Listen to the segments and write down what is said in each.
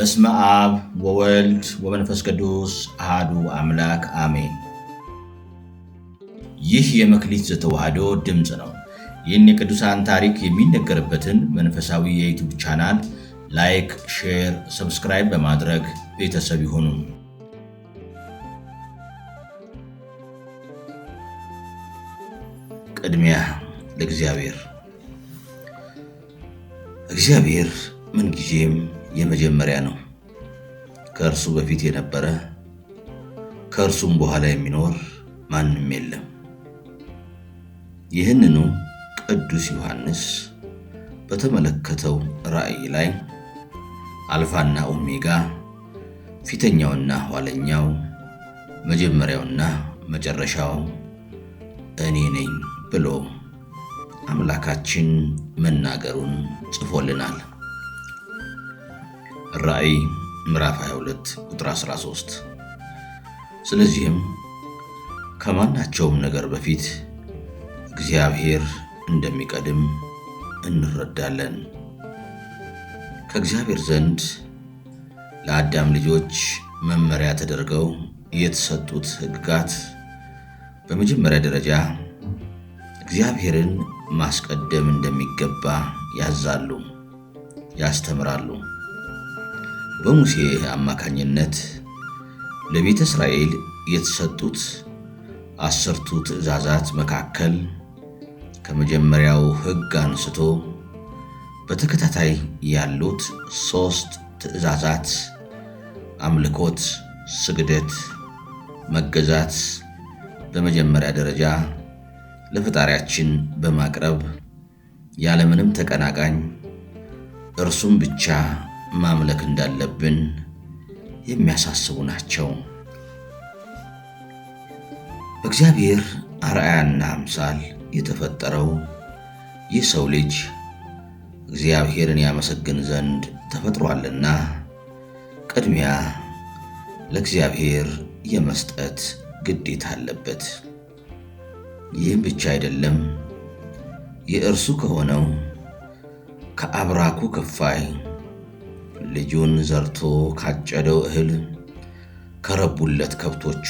በስመ አብ ወወልድ ወመንፈስ ቅዱስ አሃዱ አምላክ አሜን። ይህ የመክሊት ዘተዋህዶ ድምፅ ነው። ይህን የቅዱሳን ታሪክ የሚነገርበትን መንፈሳዊ የዩቱብ ቻናል ላይክ፣ ሼር፣ ሰብስክራይብ በማድረግ ቤተሰብ ይሁኑ። ቅድሚያ ለእግዚአብሔር። እግዚአብሔር ምንጊዜም የመጀመሪያ ነው። ከእርሱ በፊት የነበረ ከእርሱም በኋላ የሚኖር ማንም የለም። ይህንኑ ቅዱስ ዮሐንስ በተመለከተው ራእይ ላይ አልፋና ኦሜጋ ፊተኛውና ኋለኛው መጀመሪያውና መጨረሻው እኔ ነኝ ብሎ አምላካችን መናገሩን ጽፎልናል። ራእይ ምዕራፍ 22 ቁጥር 13። ስለዚህም ከማናቸውም ነገር በፊት እግዚአብሔር እንደሚቀድም እንረዳለን። ከእግዚአብሔር ዘንድ ለአዳም ልጆች መመሪያ ተደርገው የተሰጡት ሕግጋት በመጀመሪያ ደረጃ እግዚአብሔርን ማስቀደም እንደሚገባ ያዛሉ፣ ያስተምራሉ። በሙሴ አማካኝነት ለቤተ እስራኤል የተሰጡት አስርቱ ትእዛዛት መካከል ከመጀመሪያው ሕግ አንስቶ በተከታታይ ያሉት ሦስት ትእዛዛት አምልኮት፣ ስግደት፣ መገዛት በመጀመሪያ ደረጃ ለፈጣሪያችን በማቅረብ ያለምንም ተቀናቃኝ እርሱም ብቻ ማምለክ እንዳለብን የሚያሳስቡ ናቸው። በእግዚአብሔር አርአያና አምሳል የተፈጠረው ይህ ሰው ልጅ እግዚአብሔርን ያመሰግን ዘንድ ተፈጥሯልና ቅድሚያ ለእግዚአብሔር የመስጠት ግዴታ አለበት። ይህም ብቻ አይደለም፣ የእርሱ ከሆነው ከአብራኩ ክፋይ ልጁን ዘርቶ ካጨደው እህል ከረቡለት ከብቶቹ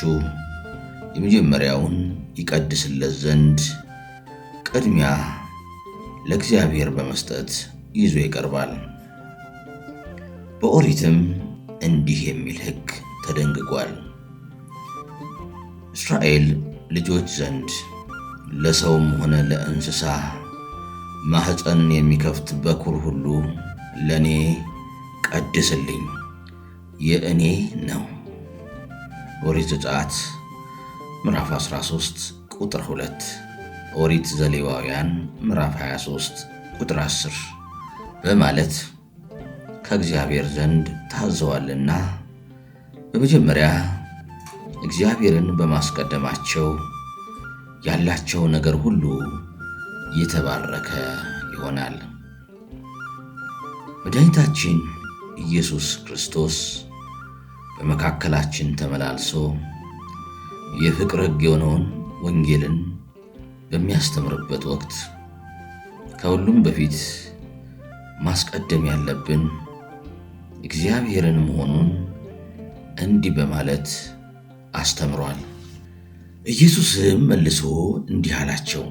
የመጀመሪያውን ይቀድስለት ዘንድ ቅድሚያ ለእግዚአብሔር በመስጠት ይዞ ይቀርባል። በኦሪትም እንዲህ የሚል ሕግ ተደንግጓል። እስራኤል ልጆች ዘንድ ለሰውም ሆነ ለእንስሳ ማኅፀንን የሚከፍት በኩር ሁሉ ለእኔ ቀድስልኝ የእኔ ነው። ኦሪት ዘጸአት ምዕራፍ 13 ቁጥር 2። ኦሪት ዘሌዋውያን ምዕራፍ 23 ቁጥር 10 በማለት ከእግዚአብሔር ዘንድ ታዘዋልና በመጀመሪያ እግዚአብሔርን በማስቀደማቸው ያላቸው ነገር ሁሉ የተባረከ ይሆናል። መድኃኒታችን ኢየሱስ ክርስቶስ በመካከላችን ተመላልሶ የፍቅር ሕግ የሆነውን ወንጌልን በሚያስተምርበት ወቅት ከሁሉም በፊት ማስቀደም ያለብን እግዚአብሔርን መሆኑን እንዲህ በማለት አስተምሯል። ኢየሱስም መልሶ እንዲህ አላቸው፣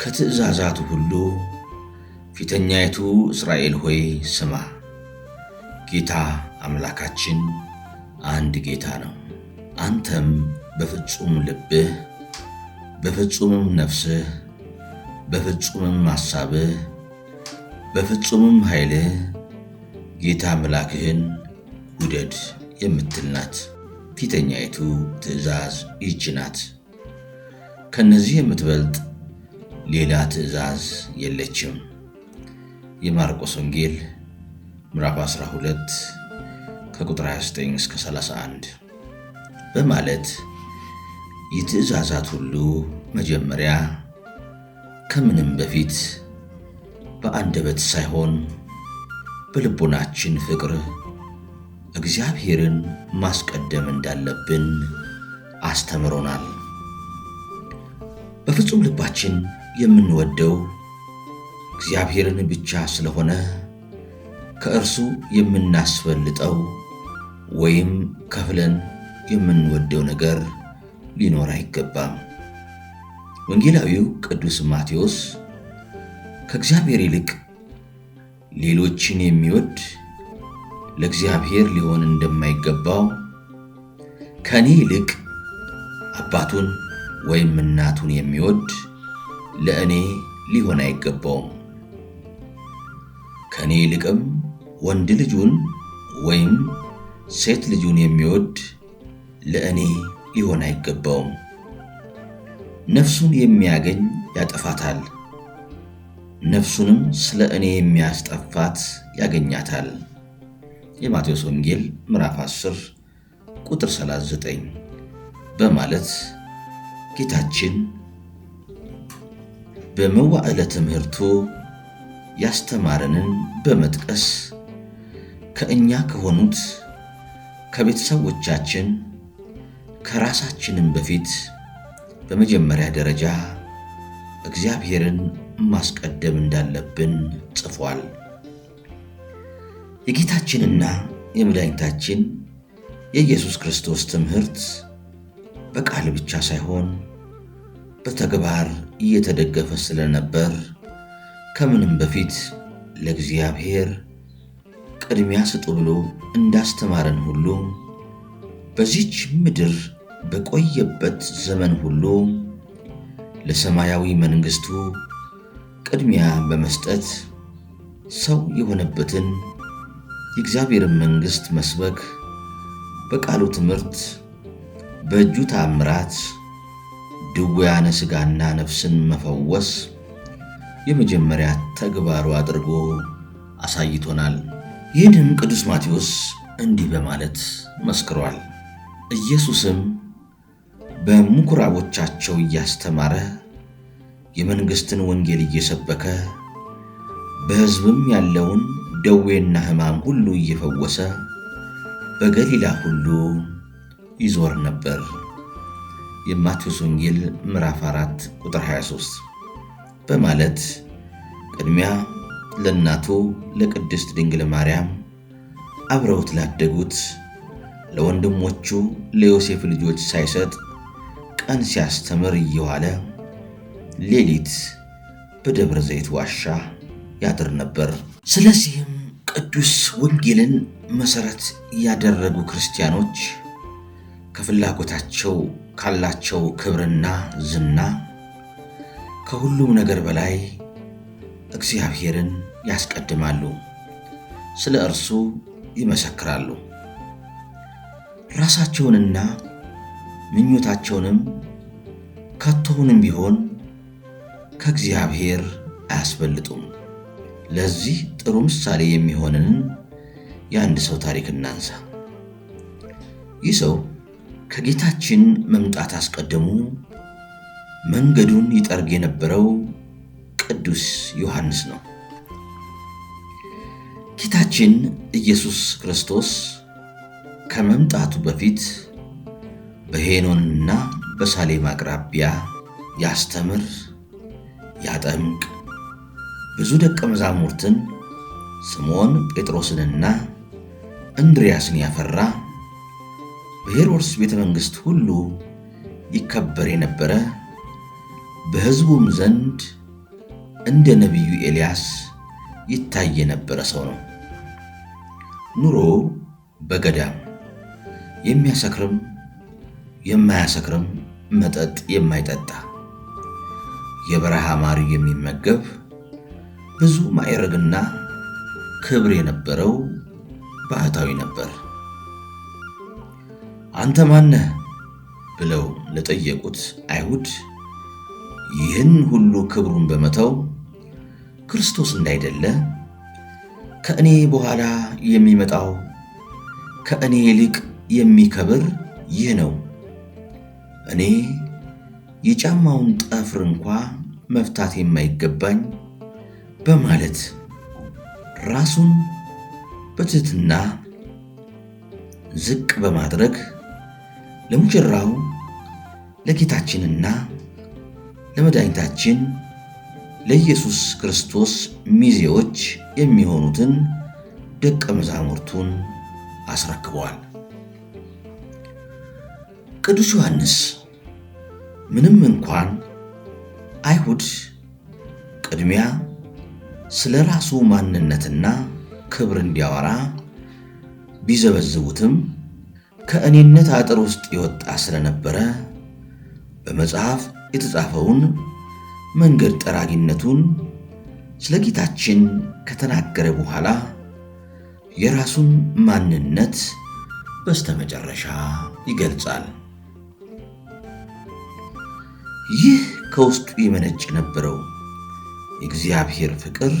ከትእዛዛቱ ሁሉ ፊተኛይቱ እስራኤል ሆይ ስማ፣ ጌታ አምላካችን አንድ ጌታ ነው። አንተም በፍጹም ልብህ በፍጹምም ነፍስህ በፍጹምም ሐሳብህ በፍጹምም ኃይልህ ጌታ አምላክህን ውደድ የምትል ናት። ፊተኛይቱ ትእዛዝ ይች ናት። ከእነዚህ የምትበልጥ ሌላ ትእዛዝ የለችም። የማርቆስ ወንጌል ምዕራፍ 12 ከቁጥር 29 እስከ 31 በማለት የትእዛዛት ሁሉ መጀመሪያ ከምንም በፊት በአንደበት ሳይሆን በልቦናችን ፍቅር እግዚአብሔርን ማስቀደም እንዳለብን አስተምሮናል። በፍጹም ልባችን የምንወደው እግዚአብሔርን ብቻ ስለሆነ ከእርሱ የምናስፈልጠው ወይም ከፍለን የምንወደው ነገር ሊኖር አይገባም። ወንጌላዊው ቅዱስ ማቴዎስ ከእግዚአብሔር ይልቅ ሌሎችን የሚወድ ለእግዚአብሔር ሊሆን እንደማይገባው ከእኔ ይልቅ አባቱን ወይም እናቱን የሚወድ ለእኔ ሊሆን አይገባውም። ከእኔ ይልቅም ወንድ ልጁን ወይም ሴት ልጁን የሚወድ ለእኔ ሊሆን አይገባውም። ነፍሱን የሚያገኝ ያጠፋታል፣ ነፍሱንም ስለ እኔ የሚያስጠፋት ያገኛታል። የማቴዎስ ወንጌል ምዕራፍ 10 ቁጥር 39 በማለት ጌታችን በመዋዕለ ትምህርቱ ያስተማረንን በመጥቀስ ከእኛ ከሆኑት ከቤተሰቦቻችን ከራሳችንም በፊት በመጀመሪያ ደረጃ እግዚአብሔርን ማስቀደም እንዳለብን ጽፏል። የጌታችንና የመድኃኒታችን የኢየሱስ ክርስቶስ ትምህርት በቃል ብቻ ሳይሆን በተግባር እየተደገፈ ስለነበር ከምንም በፊት ለእግዚአብሔር ቅድሚያ ስጡ ብሎ እንዳስተማረን ሁሉ በዚች ምድር በቆየበት ዘመን ሁሉ ለሰማያዊ መንግሥቱ ቅድሚያ በመስጠት ሰው የሆነበትን የእግዚአብሔርን መንግሥት መስበክ በቃሉ ትምህርት፣ በእጁ ታምራት ድውያነ ሥጋና ነፍስን መፈወስ የመጀመሪያ ተግባሩ አድርጎ አሳይቶናል። ይህንም ቅዱስ ማቴዎስ እንዲህ በማለት መስክሯል። ኢየሱስም በምኩራቦቻቸው እያስተማረ የመንግሥትን ወንጌል እየሰበከ በሕዝብም ያለውን ደዌና ሕማም ሁሉ እየፈወሰ በገሊላ ሁሉ ይዞር ነበር። የማቴዎስ ወንጌል ምዕራፍ 4 ቁጥር 23 በማለት ቅድሚያ ለእናቱ ለቅድስት ድንግል ማርያም አብረውት ላደጉት ለወንድሞቹ ለዮሴፍ ልጆች ሳይሰጥ ቀን ሲያስተምር እየዋለ ሌሊት በደብረ ዘይት ዋሻ ያድር ነበር። ስለዚህም ቅዱስ ወንጌልን መሠረት ያደረጉ ክርስቲያኖች ከፍላጎታቸው ካላቸው ክብርና ዝና ከሁሉም ነገር በላይ እግዚአብሔርን ያስቀድማሉ፣ ስለ እርሱ ይመሰክራሉ። ራሳቸውንና ምኞታቸውንም ከቶውንም ቢሆን ከእግዚአብሔር አያስበልጡም። ለዚህ ጥሩ ምሳሌ የሚሆንን የአንድ ሰው ታሪክ እናንሳ። ይህ ሰው ከጌታችን መምጣት አስቀድሞ መንገዱን ይጠርግ የነበረው ቅዱስ ዮሐንስ ነው። ጌታችን ኢየሱስ ክርስቶስ ከመምጣቱ በፊት በሄኖንና በሳሌም አቅራቢያ ያስተምር፣ ያጠምቅ፣ ብዙ ደቀ መዛሙርትን ስምዖን ጴጥሮስንና እንድርያስን ያፈራ በሄሮድስ ቤተ መንግሥት ሁሉ ይከበር የነበረ በሕዝቡም ዘንድ እንደ ነቢዩ ኤልያስ ይታይ የነበረ ሰው ነው። ኑሮ በገዳም የሚያሰክርም የማያሰክርም መጠጥ የማይጠጣ የበረሃ ማር የሚመገብ ብዙ ማዕረግና ክብር የነበረው ባህታዊ ነበር። አንተ ማነህ ብለው ለጠየቁት አይሁድ ይህን ሁሉ ክብሩን በመተው ክርስቶስ እንዳይደለ ከእኔ በኋላ የሚመጣው ከእኔ ይልቅ የሚከብር ይህ ነው፣ እኔ የጫማውን ጠፍር እንኳ መፍታት የማይገባኝ በማለት ራሱን በትህትና ዝቅ በማድረግ ለሙሽራው ለጌታችንና ለመድኃኒታችን ለኢየሱስ ክርስቶስ ሚዜዎች የሚሆኑትን ደቀ መዛሙርቱን አስረክበዋል። ቅዱስ ዮሐንስ ምንም እንኳን አይሁድ ቅድሚያ ስለ ራሱ ማንነትና ክብር እንዲያወራ ቢዘበዝቡትም ከእኔነት አጥር ውስጥ የወጣ ስለነበረ በመጽሐፍ የተጻፈውን መንገድ ጠራጊነቱን ስለ ጌታችን ከተናገረ በኋላ የራሱን ማንነት በስተመጨረሻ ይገልጻል። ይህ ከውስጡ የመነጭ የነበረው የእግዚአብሔር ፍቅር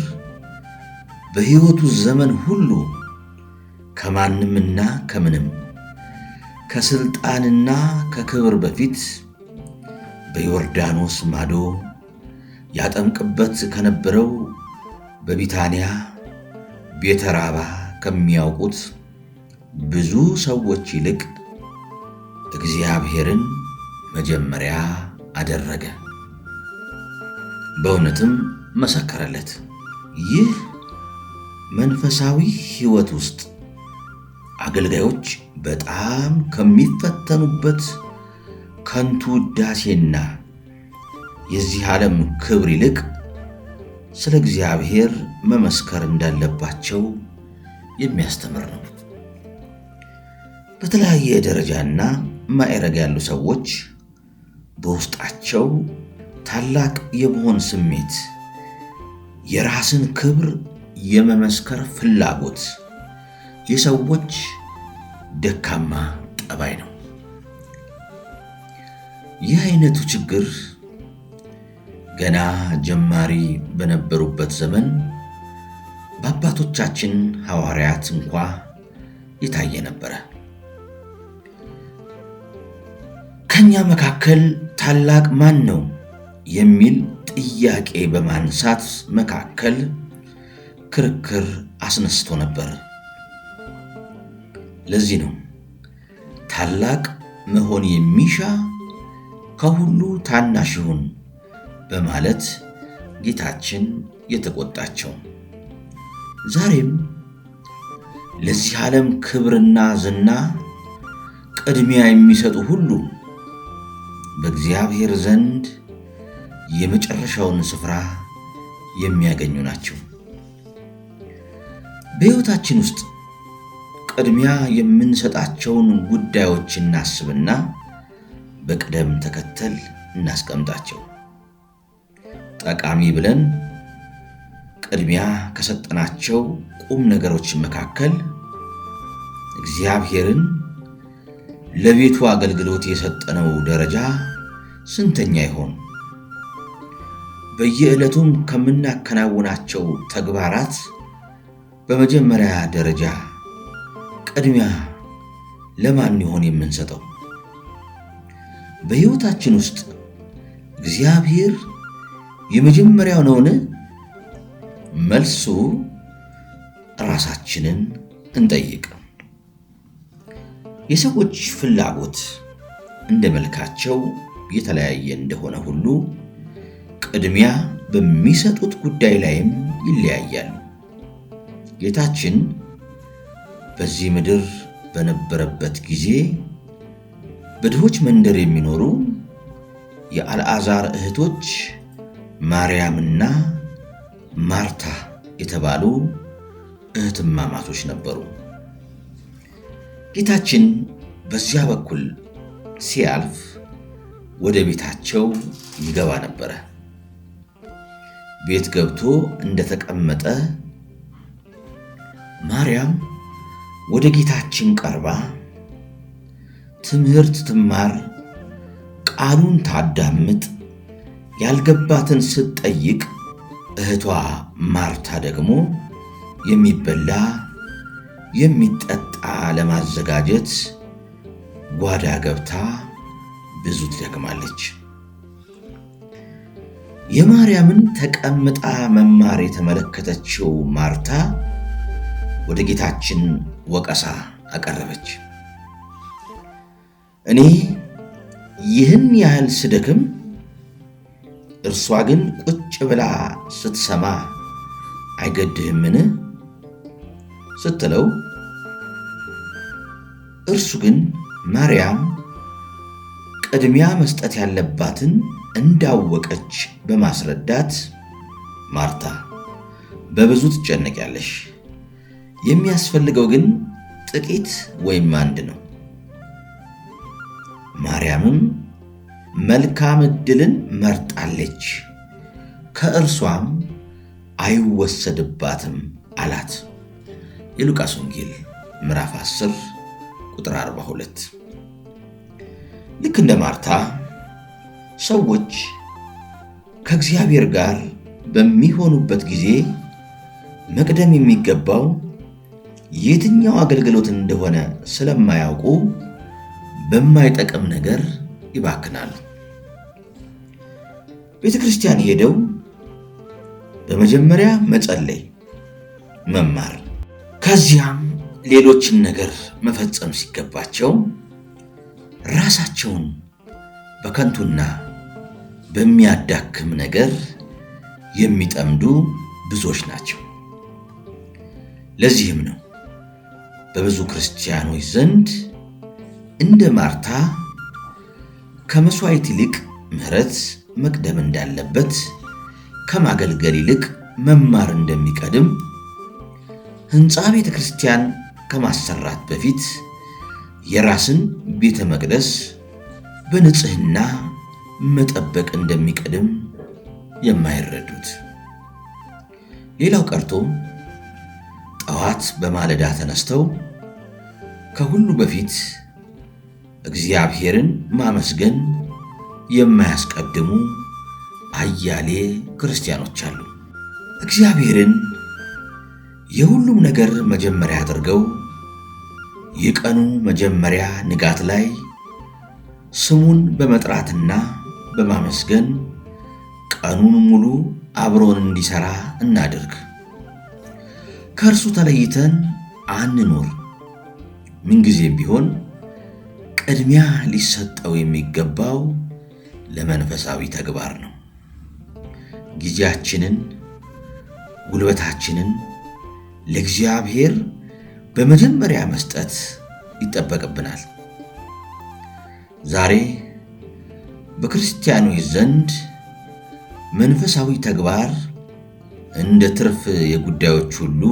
በሕይወቱ ዘመን ሁሉ ከማንምና ከምንም ከስልጣንና ከክብር በፊት በዮርዳኖስ ማዶ ያጠምቅበት ከነበረው በቢታንያ ቤተራባ ከሚያውቁት ብዙ ሰዎች ይልቅ እግዚአብሔርን መጀመሪያ አደረገ። በእውነትም መሰከረለት። ይህ መንፈሳዊ ሕይወት ውስጥ አገልጋዮች በጣም ከሚፈተኑበት ከንቱ ውዳሴና የዚህ ዓለም ክብር ይልቅ ስለ እግዚአብሔር መመስከር እንዳለባቸው የሚያስተምር ነው። በተለያየ ደረጃና ማዕረግ ያሉ ሰዎች በውስጣቸው ታላቅ የመሆን ስሜት፣ የራስን ክብር የመመስከር ፍላጎት የሰዎች ደካማ ጠባይ ነው። ይህ አይነቱ ችግር ገና ጀማሪ በነበሩበት ዘመን በአባቶቻችን ሐዋርያት እንኳ የታየ ነበረ። ከእኛ መካከል ታላቅ ማን ነው የሚል ጥያቄ በማንሳት መካከል ክርክር አስነስቶ ነበር። ለዚህ ነው ታላቅ መሆን የሚሻ ከሁሉ ታናሽ ይሁን በማለት ጌታችን የተቆጣቸው። ዛሬም ለዚህ ዓለም ክብርና ዝና ቅድሚያ የሚሰጡ ሁሉ በእግዚአብሔር ዘንድ የመጨረሻውን ስፍራ የሚያገኙ ናቸው። በሕይወታችን ውስጥ ቅድሚያ የምንሰጣቸውን ጉዳዮች እናስብና በቅደም ተከተል እናስቀምጣቸው። ጠቃሚ ብለን ቅድሚያ ከሰጠናቸው ቁም ነገሮች መካከል እግዚአብሔርን ለቤቱ አገልግሎት የሰጠነው ደረጃ ስንተኛ ይሆን? በየዕለቱም ከምናከናውናቸው ተግባራት በመጀመሪያ ደረጃ ቅድሚያ ለማን ይሆን የምንሰጠው? በሕይወታችን ውስጥ እግዚአብሔር የመጀመሪያው ነውን? መልሱ ራሳችንን እንጠይቅ። የሰዎች ፍላጎት እንደ መልካቸው የተለያየ እንደሆነ ሁሉ ቅድሚያ በሚሰጡት ጉዳይ ላይም ይለያያሉ። ጌታችን በዚህ ምድር በነበረበት ጊዜ በድሆች መንደር የሚኖሩ የአልዓዛር እህቶች ማርያምና ማርታ የተባሉ እህትማማቶች ነበሩ። ጌታችን በዚያ በኩል ሲያልፍ ወደ ቤታቸው ይገባ ነበረ። ቤት ገብቶ እንደተቀመጠ ማርያም ወደ ጌታችን ቀርባ ትምህርት ትማር፣ ቃሉን ታዳምጥ፣ ያልገባትን ስትጠይቅ፣ እህቷ ማርታ ደግሞ የሚበላ የሚጠጣ ለማዘጋጀት ጓዳ ገብታ ብዙ ትደክማለች። የማርያምን ተቀምጣ መማር የተመለከተችው ማርታ ወደ ጌታችን ወቀሳ አቀረበች። እኔ ይህን ያህል ስደክም፣ እርሷ ግን ቁጭ ብላ ስትሰማ አይገድህምን ስትለው እርሱ ግን ማርያም ቅድሚያ መስጠት ያለባትን እንዳወቀች በማስረዳት ማርታ በብዙ ትጨነቂያለሽ፣ የሚያስፈልገው ግን ጥቂት ወይም አንድ ነው ማርያምም መልካም ዕድልን መርጣለች፣ ከእርሷም አይወሰድባትም አላት። የሉቃስ ወንጌል ምዕራፍ 10 ቁጥር 42። ልክ እንደ ማርታ ሰዎች ከእግዚአብሔር ጋር በሚሆኑበት ጊዜ መቅደም የሚገባው የትኛው አገልግሎት እንደሆነ ስለማያውቁ በማይጠቅም ነገር ይባክናል። ቤተ ክርስቲያን ሄደው በመጀመሪያ መጸለይ፣ መማር ከዚያም ሌሎችን ነገር መፈጸም ሲገባቸው ራሳቸውን በከንቱና በሚያዳክም ነገር የሚጠምዱ ብዙዎች ናቸው። ለዚህም ነው በብዙ ክርስቲያኖች ዘንድ እንደ ማርታ ከመሥዋዕት ይልቅ ምሕረት መቅደም እንዳለበት፣ ከማገልገል ይልቅ መማር እንደሚቀድም፣ ሕንፃ ቤተ ክርስቲያን ከማሰራት በፊት የራስን ቤተ መቅደስ በንጽህና መጠበቅ እንደሚቀድም የማይረዱት ሌላው ቀርቶ ጠዋት በማለዳ ተነስተው ከሁሉ በፊት እግዚአብሔርን ማመስገን የማያስቀድሙ አያሌ ክርስቲያኖች አሉ። እግዚአብሔርን የሁሉም ነገር መጀመሪያ አድርገው የቀኑ መጀመሪያ ንጋት ላይ ስሙን በመጥራትና በማመስገን ቀኑን ሙሉ አብሮን እንዲሰራ እናድርግ። ከእርሱ ተለይተን አንኖር። ምንጊዜም ቢሆን ቅድሚያ ሊሰጠው የሚገባው ለመንፈሳዊ ተግባር ነው። ጊዜያችንን፣ ጉልበታችንን ለእግዚአብሔር በመጀመሪያ መስጠት ይጠበቅብናል። ዛሬ በክርስቲያኖች ዘንድ መንፈሳዊ ተግባር እንደ ትርፍ የጉዳዮች ሁሉ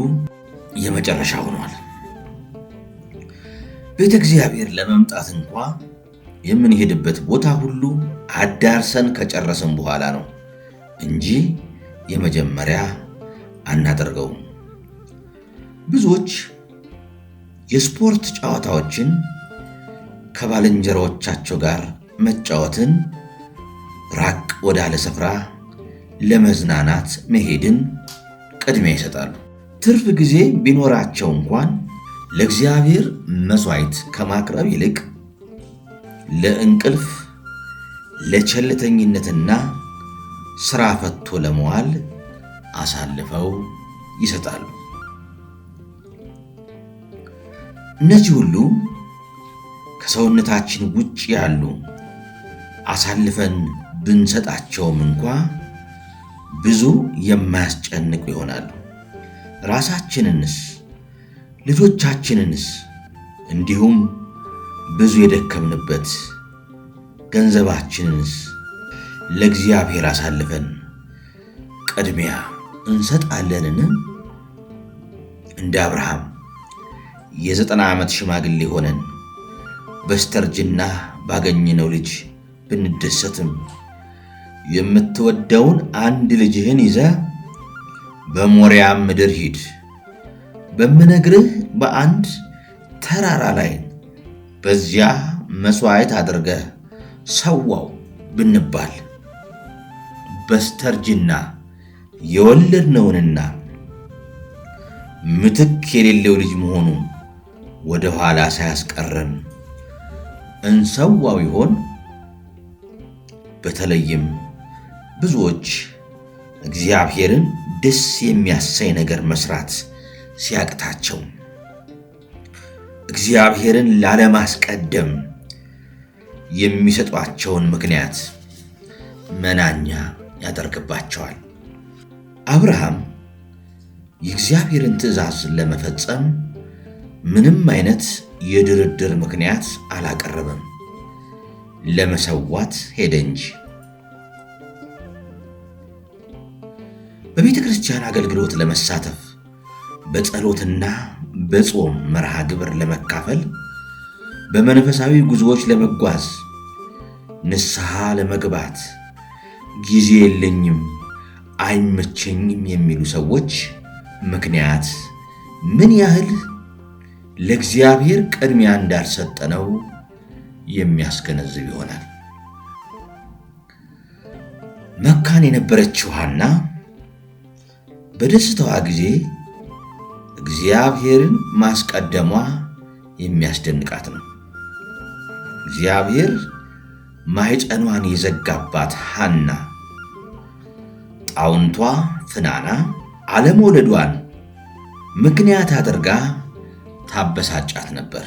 የመጨረሻ ሆኗል። ቤተ እግዚአብሔር ለመምጣት እንኳ የምንሄድበት ቦታ ሁሉ አዳርሰን ከጨረስን በኋላ ነው እንጂ የመጀመሪያ አናደርገውም። ብዙዎች የስፖርት ጨዋታዎችን ከባልንጀሮቻቸው ጋር መጫወትን፣ ራቅ ወዳለ ስፍራ ለመዝናናት መሄድን ቅድሚያ ይሰጣሉ። ትርፍ ጊዜ ቢኖራቸው እንኳን ለእግዚአብሔር መሥዋዕት ከማቅረብ ይልቅ ለእንቅልፍ፣ ለቸልተኝነትና ሥራ ፈቶ ለመዋል አሳልፈው ይሰጣሉ። እነዚህ ሁሉ ከሰውነታችን ውጭ ያሉ አሳልፈን ብንሰጣቸውም እንኳ ብዙ የማያስጨንቁ ይሆናሉ። ራሳችንንስ ልጆቻችንንስ እንዲሁም ብዙ የደከምንበት ገንዘባችንንስ ለእግዚአብሔር አሳልፈን ቅድሚያ እንሰጣለንን? እንደ አብርሃም የዘጠና ዓመት ሽማግሌ ሆነን በስተርጅና ባገኘነው ልጅ ብንደሰትም የምትወደውን አንድ ልጅህን ይዘ በሞሪያም ምድር ሂድ በምነግርህ በአንድ ተራራ ላይ በዚያ መሥዋዕት አድርገህ ሰዋው ብንባል በስተርጅና የወለድነውንና ምትክ የሌለው ልጅ መሆኑን ወደ ኋላ ሳያስቀረን እንሰዋው ይሆን? በተለይም ብዙዎች እግዚአብሔርን ደስ የሚያሰኝ ነገር መስራት ሲያቅታቸው እግዚአብሔርን ላለማስቀደም የሚሰጧቸውን ምክንያት መናኛ ያደርግባቸዋል። አብርሃም የእግዚአብሔርን ትእዛዝ ለመፈጸም ምንም አይነት የድርድር ምክንያት አላቀረበም። ለመሰዋት ሄደ እንጂ። በቤተ ክርስቲያን አገልግሎት ለመሳተፍ በጸሎትና በጾም መርሃ ግብር ለመካፈል በመንፈሳዊ ጉዞዎች ለመጓዝ ንስሐ ለመግባት ጊዜ የለኝም፣ አይመቸኝም የሚሉ ሰዎች ምክንያት ምን ያህል ለእግዚአብሔር ቅድሚያ እንዳልሰጠነው የሚያስገነዝብ ይሆናል። መካን የነበረችው ሐና በደስታዋ ጊዜ እግዚአብሔርን ማስቀደሟ የሚያስደንቃት ነው። እግዚአብሔር ማኅፀኗን የዘጋባት ሐና ጣውንቷ ፍናና አለመውለዷን ምክንያት አድርጋ ታበሳጫት ነበር።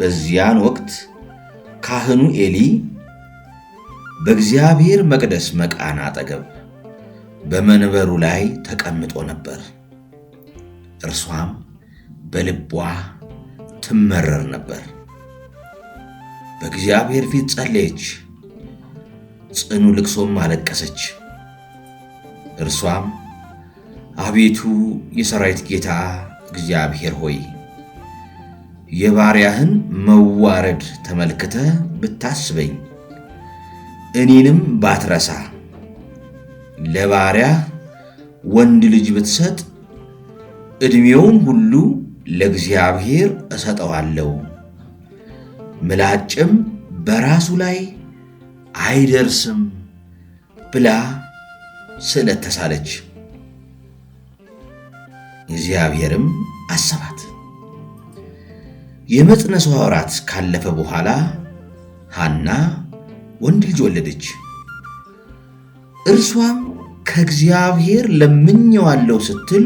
በዚያን ወቅት ካህኑ ኤሊ በእግዚአብሔር መቅደስ መቃን አጠገብ በመንበሩ ላይ ተቀምጦ ነበር። እርሷም በልቧ ትመረር ነበር። በእግዚአብሔር ፊት ጸለየች፣ ጽኑ ልቅሶም አለቀሰች። እርሷም አቤቱ የሰራዊት ጌታ እግዚአብሔር ሆይ የባሪያህን መዋረድ ተመልክተ ብታስበኝ እኔንም ባትረሳ ለባሪያ ወንድ ልጅ ብትሰጥ ዕድሜውን ሁሉ ለእግዚአብሔር እሰጠዋለሁ፣ ምላጭም በራሱ ላይ አይደርስም ብላ ስዕለት ተሳለች። እግዚአብሔርም አሰባት። የመጽነሷ ወራት ካለፈ በኋላ ሐና ወንድ ልጅ ወለደች። እርሷም ከእግዚአብሔር ለምኜዋለሁ ስትል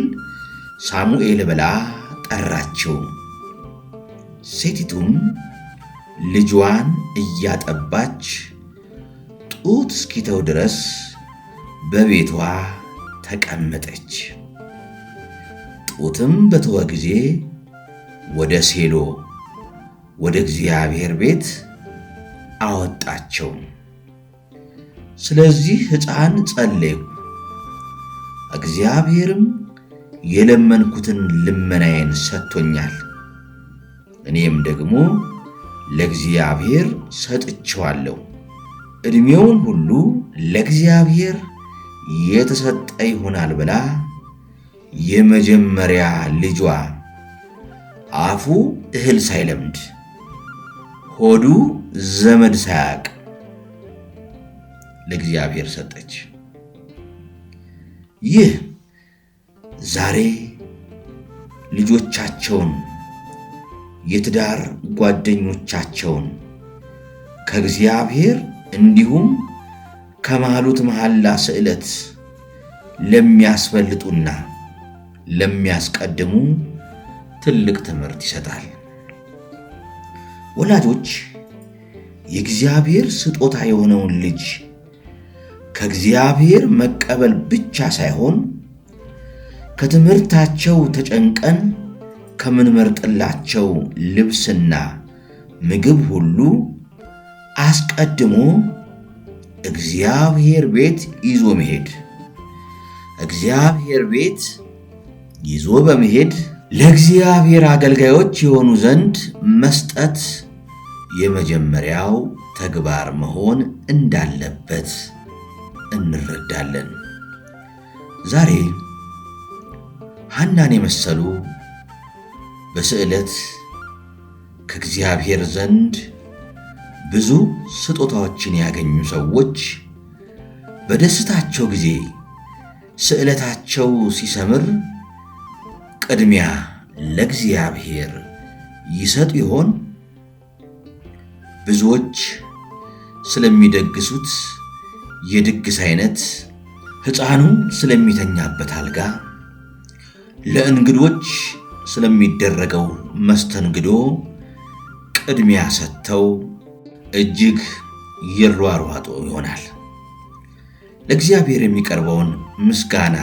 ሳሙኤል ብላ ጠራችው። ሴቲቱም ልጇን እያጠባች ጡት እስኪተው ድረስ በቤቷ ተቀመጠች። ጡትም በተወ ጊዜ ወደ ሴሎ ወደ እግዚአብሔር ቤት አወጣቸው። ስለዚህ ሕፃን ጸለይኩ፣ እግዚአብሔርም የለመንኩትን ልመናዬን ሰጥቶኛል፣ እኔም ደግሞ ለእግዚአብሔር ሰጥቼዋለሁ። ዕድሜውን ሁሉ ለእግዚአብሔር የተሰጠ ይሆናል ብላ የመጀመሪያ ልጇ አፉ እህል ሳይለምድ ሆዱ ዘመድ ሳያቅ ለእግዚአብሔር ሰጠች። ይህ ዛሬ ልጆቻቸውን የትዳር ጓደኞቻቸውን ከእግዚአብሔር እንዲሁም ከማሉት መሐላ ስዕለት ለሚያስበልጡና ለሚያስቀድሙ ትልቅ ትምህርት ይሰጣል። ወላጆች የእግዚአብሔር ስጦታ የሆነውን ልጅ ከእግዚአብሔር መቀበል ብቻ ሳይሆን ከትምህርታቸው ተጨንቀን ከምንመርጥላቸው ልብስና ምግብ ሁሉ አስቀድሞ እግዚአብሔር ቤት ይዞ መሄድ እግዚአብሔር ቤት ይዞ በመሄድ ለእግዚአብሔር አገልጋዮች የሆኑ ዘንድ መስጠት የመጀመሪያው ተግባር መሆን እንዳለበት እንረዳለን። ዛሬ ሐናን የመሰሉ በስዕለት ከእግዚአብሔር ዘንድ ብዙ ስጦታዎችን ያገኙ ሰዎች በደስታቸው ጊዜ ስዕለታቸው ሲሰምር ቅድሚያ ለእግዚአብሔር ይሰጥ ይሆን? ብዙዎች ስለሚደግሱት የድግስ አይነት፣ ሕፃኑ ስለሚተኛበት አልጋ ለእንግዶች ስለሚደረገው መስተንግዶ ቅድሚያ ሰጥተው እጅግ ይሯሯጡ ይሆናል። ለእግዚአብሔር የሚቀርበውን ምስጋና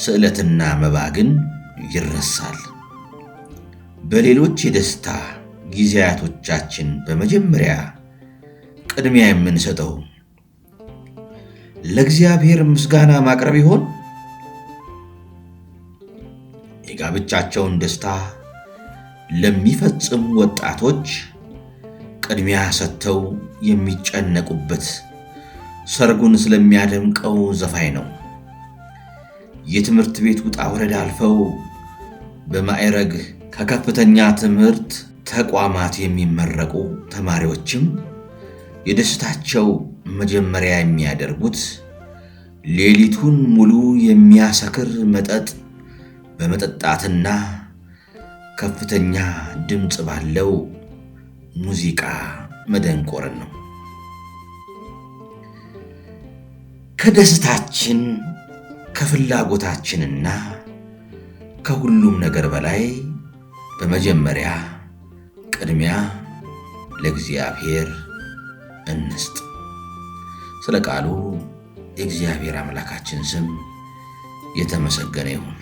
ስዕለትና መባ ግን ይረሳል። በሌሎች የደስታ ጊዜያቶቻችን በመጀመሪያ ቅድሚያ የምንሰጠው ለእግዚአብሔር ምስጋና ማቅረብ ይሆን? የጋብቻቸውን ደስታ ለሚፈጽሙ ወጣቶች ቅድሚያ ሰጥተው የሚጨነቁበት ሰርጉን ስለሚያደምቀው ዘፋኝ ነው። የትምህርት ቤት ውጣ ውረድ አልፈው በማዕረግ ከከፍተኛ ትምህርት ተቋማት የሚመረቁ ተማሪዎችም የደስታቸው መጀመሪያ የሚያደርጉት ሌሊቱን ሙሉ የሚያሰክር መጠጥ በመጠጣትና ከፍተኛ ድምፅ ባለው ሙዚቃ መደንቆርን ነው። ከደስታችን ከፍላጎታችንና ከሁሉም ነገር በላይ በመጀመሪያ ቅድሚያ ለእግዚአብሔር እንስጥ። ስለ ቃሉ የእግዚአብሔር አምላካችን ስም የተመሰገነ ይሁን።